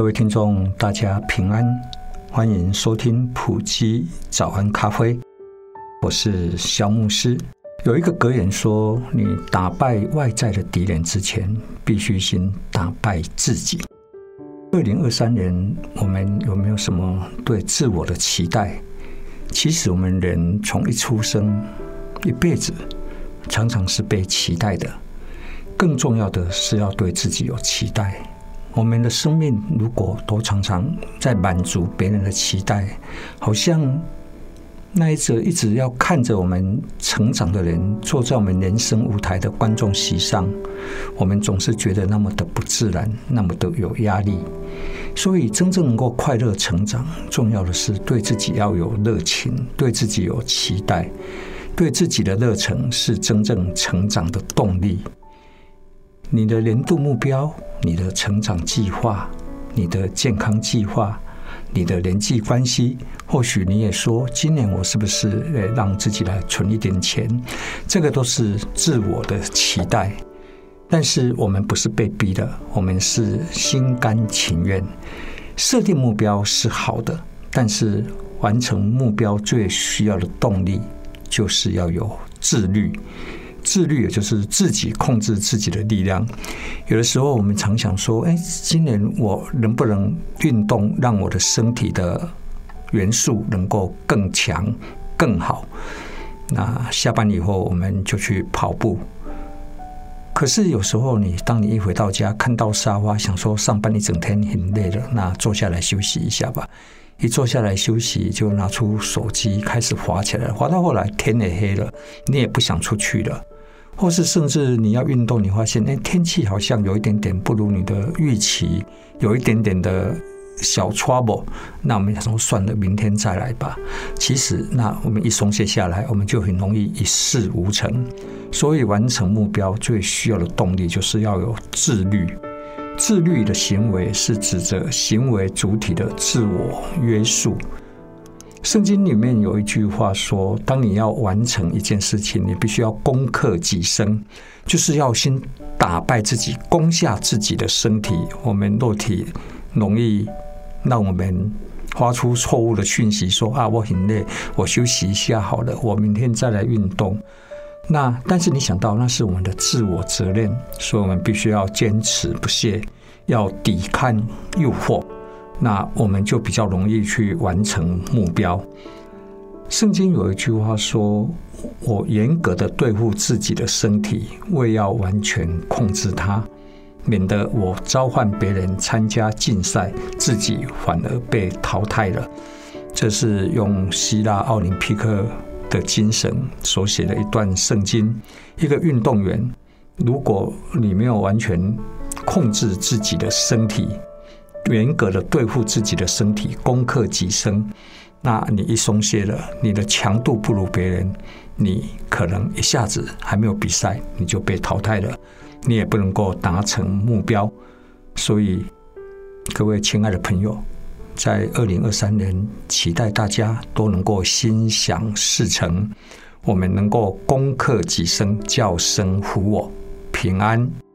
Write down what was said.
各位聽眾，大家平安，歡迎收聽埔基早安咖啡。我是蕭牧師。有一個格言說：“你打敗外在的敵人之前，必須先打敗自己。”二零二三年，我們有沒有什麼對自我的期待？其實，我們人從一出生，一輩子常常是被期待的。更重要的是，要對自己有期待。我們的生命如果都常常在滿足別人的期待，好像那一直一直要看着我們成長的人坐在我們人生舞台的觀眾席上，我們總是覺得那麼的不自然，那麼的有壓力。所以，真正能夠快樂成長，重要的是對自己要有熱情，對自己有期待，對自己的熱忱是真正成長的動力。你的年度目標？你的成長計劃、你的健康計劃、你的人際關係，或許你也說，今年我是不是誒讓自己來存一點錢？這個都是自我的期待。但是我們不是被逼的，我們是心甘情願。設定目標是好的，但是完成目標最需要的動力，就是要有自律。自律也就是自己控制自己的力量。有的時候我們常想說：“哎、欸，今年我能不能運動，讓我的身體的元素能夠更強、更好？”那下班以後我們就去跑步。可是有時候你當你一回到家，看到沙發，想說上班一整天很累了，那坐下來休息一下吧。一坐下來休息，就拿出手機開始滑起來，滑到後來天也黑了，你也不想出去了，或是甚至你要運動，你發現欸，天氣好像有一點點不如你的預期，有一點點的小 trouble，那我們想說算了，明天再來吧。其實，那我們一鬆懈下來，我們就很容易一事無成。所以，完成目標最需要的動力就是要有自律。自律的行為是指着行為主體的自我約束。聖經裡面有一句話說：“當你要完成一件事情，你必須要攻克己身，就是要先打敗自己，攻下自己的身體。”我們肉體容易讓我們發出錯誤的訊息，說：“啊，我很累，我休息一下好了，我明天再來運動。”那但是你想到那是我們的自我責任，所以我們必須要堅持不懈，要抵抗誘惑，那我們就比較容易去完成目標。聖經有一句話說：“我嚴格的對付自己的身體，為要完全控制它，免得我召喚別人參加競賽，自己反而被淘汰了。”這是用希臘奧林匹克。的精神所寫的一段聖經。一個運動員，如果你沒有完全控制自己的身體，嚴格的對付自己的身體，攻克己身，那你一鬆懈了，你的強度不如別人，你可能一下子還沒有比賽，你就被淘汰了，你也不能夠達成目標。所以，各位親愛的朋友。在二零二三年，期待大家都能夠心想事成，我們能夠攻克己身，叫身服我，平安。